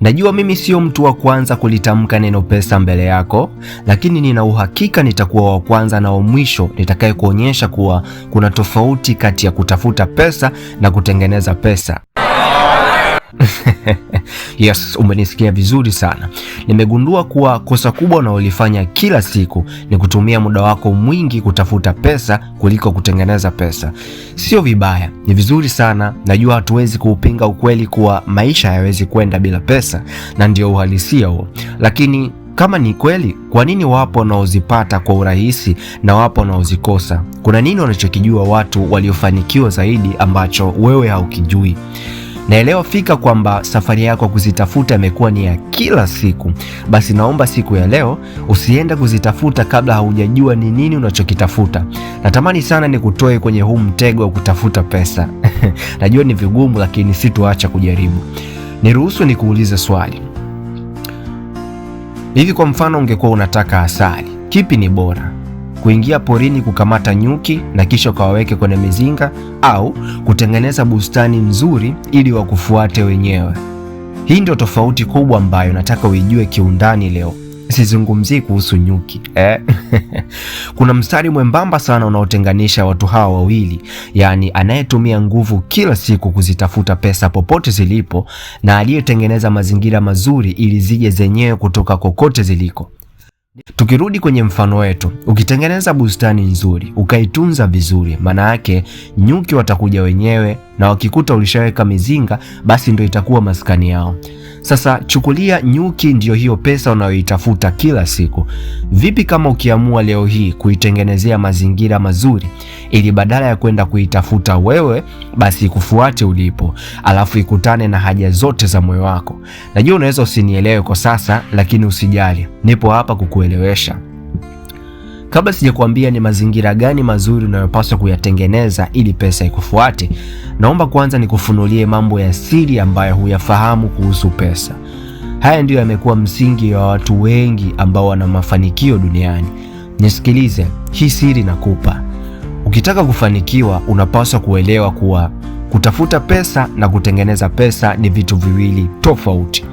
Najua mimi sio mtu wa kwanza kulitamka neno pesa mbele yako, lakini nina uhakika nitakuwa wa kwanza na wa mwisho nitakayekuonyesha kuwa kuna tofauti kati ya kutafuta pesa na kutengeneza pesa. Yes, umenisikia vizuri sana. Nimegundua kuwa kosa kubwa unaolifanya kila siku ni kutumia muda wako mwingi kutafuta pesa kuliko kutengeneza pesa. Sio vibaya, ni vizuri sana. Najua hatuwezi kuupinga ukweli kuwa maisha hayawezi kwenda bila pesa, na ndio uhalisia huo, lakini kama ni kweli, kwa nini wapo wanaozipata kwa urahisi na wapo wanaozikosa? Kuna nini wanachokijua watu waliofanikiwa zaidi ambacho wewe haukijui? Naelewa fika kwamba safari yako kuzitafuta imekuwa ni ya kila siku. Basi naomba siku ya leo usiende kuzitafuta kabla haujajua ni nini unachokitafuta. Natamani sana nikutoe kwenye huu mtego wa kutafuta pesa. Najua ni vigumu, lakini sitoacha kujaribu. Niruhusu nikuulize swali. Hivi kwa mfano, ungekuwa unataka asali, kipi ni bora? kuingia porini kukamata nyuki na kisha ukawaweke kwenye mizinga au kutengeneza bustani nzuri ili wakufuate wenyewe. Hii ndio tofauti kubwa ambayo nataka uijue kiundani leo. Sizungumzii kuhusu nyuki eh? Kuna mstari mwembamba sana unaotenganisha watu hawa wawili, yaani anayetumia nguvu kila siku kuzitafuta pesa popote zilipo na aliyetengeneza mazingira mazuri ili zije zenyewe kutoka kokote ziliko. Tukirudi kwenye mfano wetu, ukitengeneza bustani nzuri ukaitunza vizuri, maana yake nyuki watakuja wenyewe, na wakikuta ulishaweka mizinga, basi ndio itakuwa maskani yao. Sasa chukulia nyuki ndiyo hiyo pesa unayoitafuta kila siku. Vipi kama ukiamua leo hii kuitengenezea mazingira mazuri, ili badala ya kwenda kuitafuta wewe, basi ikufuate ulipo, alafu ikutane na haja zote za moyo wako? Najua unaweza usinielewe kwa sasa, lakini usijali, nipo hapa kukuelewesha. Kabla sijakwambia ni mazingira gani mazuri unayopaswa kuyatengeneza ili pesa ikufuate, naomba kwanza nikufunulie mambo ya siri ambayo huyafahamu kuhusu pesa. Haya ndiyo yamekuwa msingi wa watu wengi ambao wana mafanikio duniani. Nisikilize, hii siri nakupa. Ukitaka kufanikiwa, unapaswa kuelewa kuwa kutafuta pesa na kutengeneza pesa ni vitu viwili tofauti.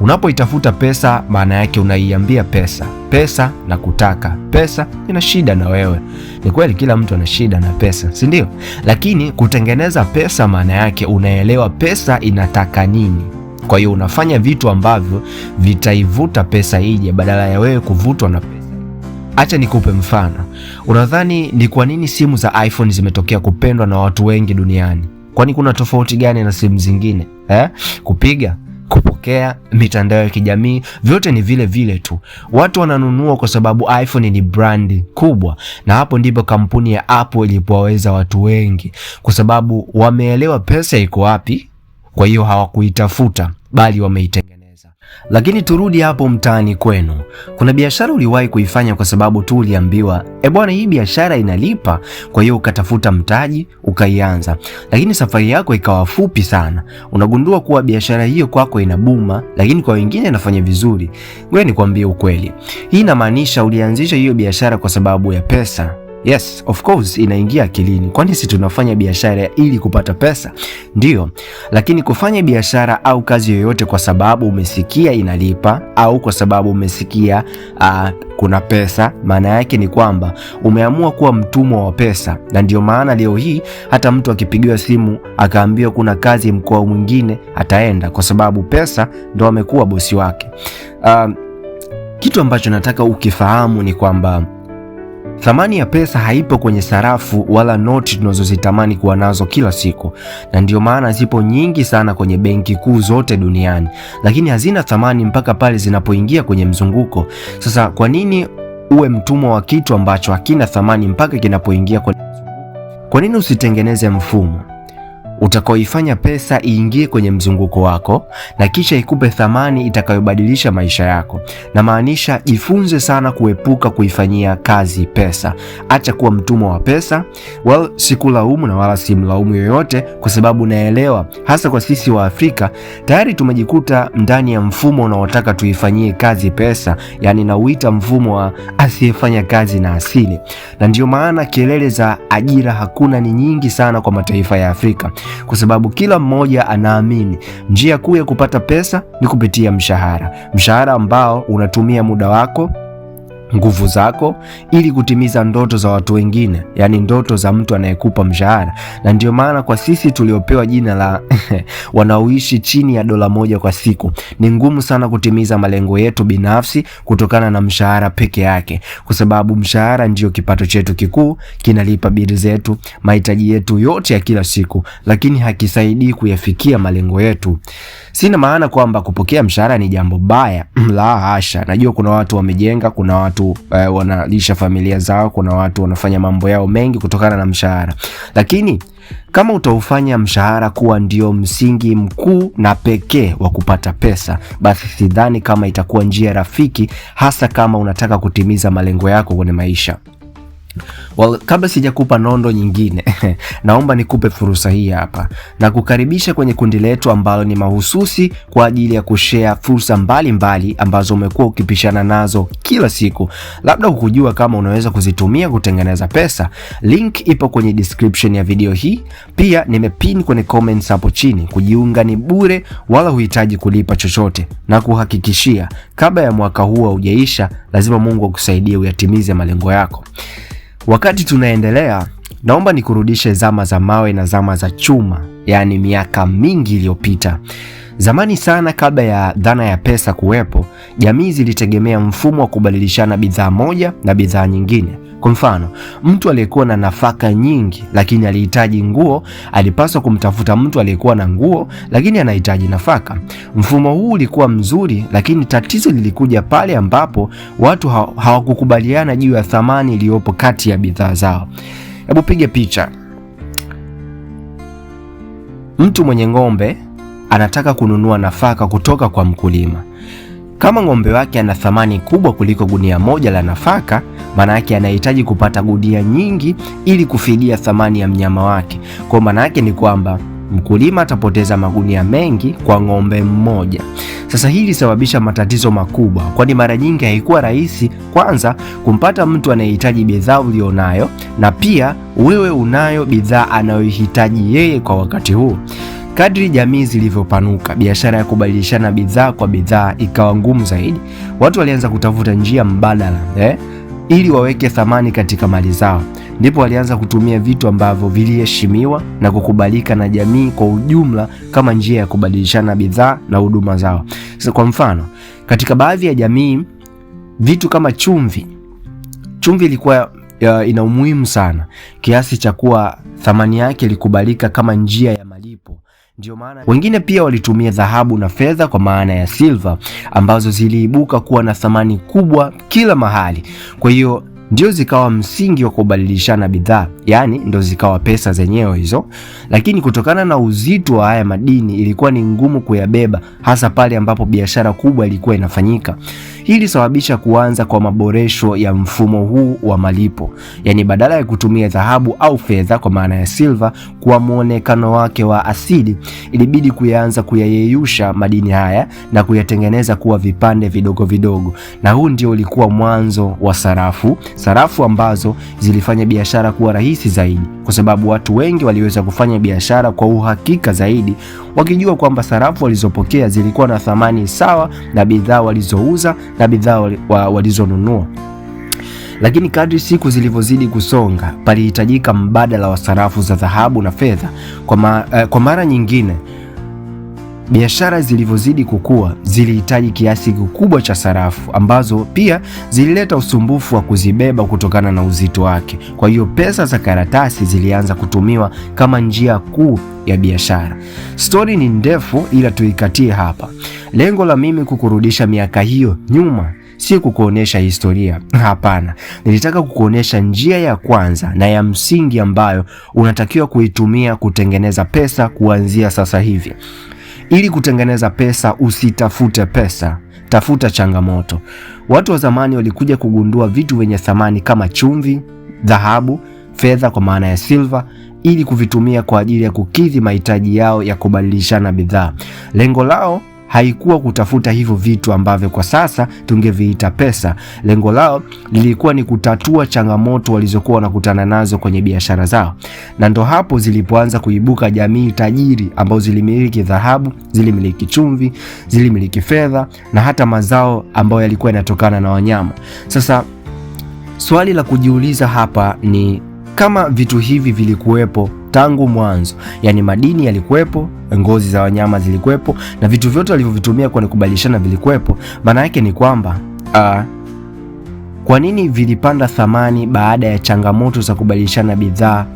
Unapoitafuta pesa, maana yake unaiambia pesa, pesa na kutaka pesa, ina shida na wewe. Ni kweli kila mtu ana shida na pesa, si ndio? Lakini kutengeneza pesa, maana yake unaelewa pesa inataka nini. Kwa hiyo unafanya vitu ambavyo vitaivuta pesa ije, badala ya wewe kuvutwa na pesa. Acha nikupe mfano. Unadhani ni kwa nini simu za iPhone zimetokea kupendwa na watu wengi duniani? Kwani kuna tofauti gani na simu zingine eh? Kupiga kupokea mitandao ya kijamii, vyote ni vile vile tu. Watu wananunua kwa sababu iPhone ni brandi kubwa, na hapo ndipo kampuni ya Apple ilipowaweza watu wengi, kwa sababu wameelewa pesa iko wapi. Kwa hiyo hawakuitafuta bali wameita lakini turudi hapo mtaani kwenu, kuna biashara uliwahi kuifanya kwa sababu tu uliambiwa, e bwana, hii biashara inalipa, kwa hiyo ukatafuta mtaji ukaianza, lakini safari yako ikawa fupi sana. Unagundua kuwa biashara hiyo kwako kwa inabuma, lakini kwa wengine inafanya vizuri. Ngoja nikwambie ukweli, hii inamaanisha ulianzisha hiyo biashara kwa sababu ya pesa Yes, of course inaingia akilini, kwani si tunafanya biashara ili kupata pesa? Ndiyo, lakini kufanya biashara au kazi yoyote kwa sababu umesikia inalipa au kwa sababu umesikia uh, kuna pesa, maana yake ni kwamba umeamua kuwa mtumwa wa pesa. Na ndio maana leo hii hata mtu akipigiwa simu akaambiwa kuna kazi mkoa mwingine, ataenda kwa sababu pesa ndo amekuwa bosi wake. Uh, kitu ambacho nataka ukifahamu ni kwamba Thamani ya pesa haipo kwenye sarafu wala noti tunazozitamani kuwa nazo kila siku, na ndio maana zipo nyingi sana kwenye benki kuu zote duniani, lakini hazina thamani mpaka pale zinapoingia kwenye mzunguko. Sasa kwa nini uwe mtumwa wa kitu ambacho hakina thamani mpaka kinapoingia kwenye... Kwa nini usitengeneze mfumo utakaoifanya pesa iingie kwenye mzunguko wako na kisha ikupe thamani itakayobadilisha maisha yako. Na maanisha, jifunze sana kuepuka kuifanyia kazi pesa. Acha kuwa mtumwa wa pesa. Well, sikulaumu na wala simlaumu yoyote, kwa sababu naelewa hasa kwa sisi wa Afrika tayari tumejikuta ndani ya mfumo unaotaka tuifanyie kazi pesa, yani nauita mfumo wa asiyefanya kazi na asili, na ndiyo maana kelele za ajira hakuna ni nyingi sana kwa mataifa ya Afrika kwa sababu kila mmoja anaamini njia kuu ya kupata pesa ni kupitia mshahara, mshahara ambao unatumia muda wako nguvu zako ili kutimiza ndoto za watu wengine, yaani ndoto za mtu anayekupa mshahara. Na ndio maana kwa sisi tuliopewa jina la wanaoishi chini ya dola moja kwa siku, ni ngumu sana kutimiza malengo yetu binafsi kutokana na mshahara peke yake, kwa sababu mshahara ndiyo kipato chetu kikuu, kinalipa bili zetu, mahitaji yetu yote ya kila siku, lakini hakisaidii kuyafikia malengo yetu. Sina maana kwamba kupokea mshahara ni jambo baya, la hasha. Najua kuna watu wamejenga, kuna watu watu eh, wanalisha familia zao, kuna watu wanafanya mambo yao mengi kutokana na mshahara. Lakini kama utaufanya mshahara kuwa ndio msingi mkuu na pekee wa kupata pesa, basi sidhani kama itakuwa njia rafiki, hasa kama unataka kutimiza malengo yako kwenye maisha. Well, kabla sijakupa nondo nyingine naomba nikupe fursa hii hapa na kukaribisha kwenye kundi letu ambalo ni mahususi kwa ajili ya kushea fursa mbalimbali mbali ambazo umekuwa ukipishana nazo kila siku, labda hukujua kama unaweza kuzitumia kutengeneza pesa. Link ipo kwenye description ya video hii, pia nimepin kwenye comments hapo chini. Kujiunga ni bure, wala huhitaji kulipa chochote, na kuhakikishia kabla ya mwaka huu haujaisha, lazima Mungu akusaidie uyatimize malengo yako. Wakati tunaendelea, naomba nikurudishe zama za mawe na zama za chuma, yaani miaka mingi iliyopita. Zamani sana kabla ya dhana ya pesa kuwepo, jamii zilitegemea mfumo wa kubadilishana bidhaa moja na bidhaa nyingine. Kwa mfano, mtu aliyekuwa na nafaka nyingi lakini alihitaji nguo, alipaswa kumtafuta mtu aliyekuwa na nguo lakini anahitaji nafaka. Mfumo huu ulikuwa mzuri, lakini tatizo lilikuja pale ambapo watu hawakukubaliana juu ya thamani iliyopo kati ya bidhaa zao. Hebu piga picha. Mtu mwenye ng'ombe anataka kununua nafaka kutoka kwa mkulima. Kama ng'ombe wake ana thamani kubwa kuliko gunia moja la nafaka, maana yake anahitaji kupata gunia nyingi ili kufidia thamani ya mnyama wake. Kwa maana yake ni kwamba mkulima atapoteza magunia mengi kwa ng'ombe mmoja. Sasa hili lisababisha matatizo makubwa, kwani mara nyingi haikuwa rahisi kwanza kumpata mtu anayehitaji bidhaa ulionayo, na pia wewe unayo bidhaa anayohitaji yeye kwa wakati huu. Kadri jamii zilivyopanuka, biashara ya kubadilishana bidhaa kwa bidhaa ikawa ngumu zaidi. Watu walianza kutafuta njia mbadala eh, ili waweke thamani katika mali zao. Ndipo walianza kutumia vitu ambavyo viliheshimiwa na kukubalika na jamii kwa ujumla kama njia ya kubadilishana bidhaa na huduma zao. Sasa kwa mfano, katika baadhi ya jamii vitu kama chumvi, chumvi ilikuwa ina umuhimu sana kiasi cha kuwa thamani yake ilikubalika kama njia ya ndio maana wengine pia walitumia dhahabu na fedha kwa maana ya silver ambazo ziliibuka kuwa na thamani kubwa kila mahali. Kwa hiyo ndio zikawa msingi wa kubadilishana bidhaa, yaani ndo zikawa pesa zenyewe hizo. Lakini kutokana na uzito wa haya madini ilikuwa ni ngumu kuyabeba, hasa pale ambapo biashara kubwa ilikuwa inafanyika. Hii ilisababisha kuanza kwa maboresho ya mfumo huu wa malipo, yaani badala ya kutumia dhahabu au fedha kwa maana ya silver kwa muonekano wake wa asili, ilibidi kuyaanza kuyayeyusha madini haya na kuyatengeneza kuwa vipande vidogo vidogo, na huu ndio ulikuwa mwanzo wa sarafu, sarafu ambazo zilifanya biashara kuwa rahisi zaidi kwa sababu watu wengi waliweza kufanya biashara kwa uhakika zaidi, wakijua kwamba sarafu walizopokea zilikuwa na thamani sawa na bidhaa walizouza na bidhaa walizonunua. Lakini kadri siku zilivyozidi kusonga, palihitajika mbadala wa sarafu za dhahabu na fedha kwa, ma, eh, kwa mara nyingine Biashara zilivyozidi kukua zilihitaji kiasi kikubwa cha sarafu ambazo pia zilileta usumbufu wa kuzibeba kutokana na uzito wake. Kwa hiyo pesa za karatasi zilianza kutumiwa kama njia kuu ya biashara. Stori ni ndefu, ila tuikatie hapa. Lengo la mimi kukurudisha miaka hiyo nyuma si kukuonesha historia, hapana. Nilitaka kukuonesha njia ya kwanza na ya msingi ambayo unatakiwa kuitumia kutengeneza pesa kuanzia sasa hivi. Ili kutengeneza pesa, usitafute pesa, tafuta changamoto. Watu wa zamani walikuja kugundua vitu vyenye thamani kama chumvi, dhahabu, fedha kwa maana ya silver ili kuvitumia kwa ajili ya kukidhi mahitaji yao ya kubadilishana bidhaa. Lengo lao haikuwa kutafuta hivyo vitu ambavyo kwa sasa tungeviita pesa. Lengo lao lilikuwa ni kutatua changamoto walizokuwa wanakutana nazo kwenye biashara zao, na ndo hapo zilipoanza kuibuka jamii tajiri ambazo zilimiliki dhahabu, zilimiliki chumvi, zilimiliki fedha na hata mazao ambayo yalikuwa yanatokana na wanyama. Sasa swali la kujiuliza hapa ni kama vitu hivi vilikuwepo tangu mwanzo. Yani madini yalikuwepo, ngozi za wanyama zilikuwepo, na vitu vyote walivyovitumia kwa kubadilishana vilikuwepo. Maana yake ni kwamba uh, kwa nini vilipanda thamani baada ya changamoto za kubadilishana bidhaa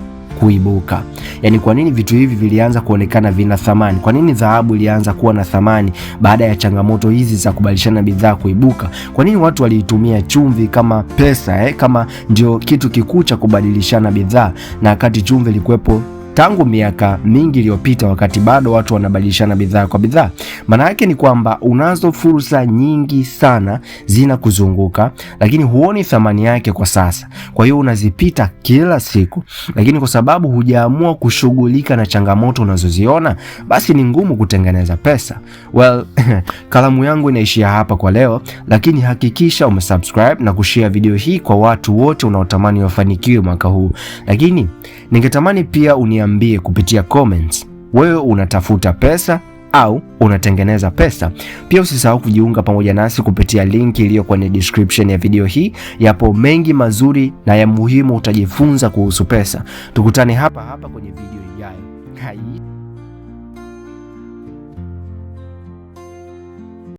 kuibuka. Yaani kwa nini vitu hivi vilianza kuonekana vina thamani? Kwa nini dhahabu ilianza kuwa na thamani baada ya changamoto hizi za kubadilishana bidhaa kuibuka? Kwa nini watu waliitumia chumvi kama pesa eh, kama ndio kitu kikuu cha kubadilishana bidhaa na wakati chumvi ilikuwepo tangu miaka mingi iliyopita, wakati bado watu wanabadilishana bidhaa kwa bidhaa. Maana yake ni kwamba unazo fursa nyingi sana zinakuzunguka, lakini huoni thamani yake kwa sasa. Kwa hiyo unazipita kila siku, lakini kwa sababu hujaamua kushughulika na changamoto unazoziona, basi ni ngumu kutengeneza pesa. Well, kalamu yangu inaishia hapa kwa leo, lakini hakikisha umesubscribe na kushare video hii kwa watu wote unaotamani wafanikiwe mwaka huu, lakini ningetamani pia unia niambie kupitia comments, wewe unatafuta pesa au unatengeneza pesa. Pia usisahau kujiunga pamoja nasi kupitia linki iliyo kwenye description ya video hii. Yapo mengi mazuri na ya muhimu utajifunza kuhusu pesa. Tukutane hapa hapa kwenye video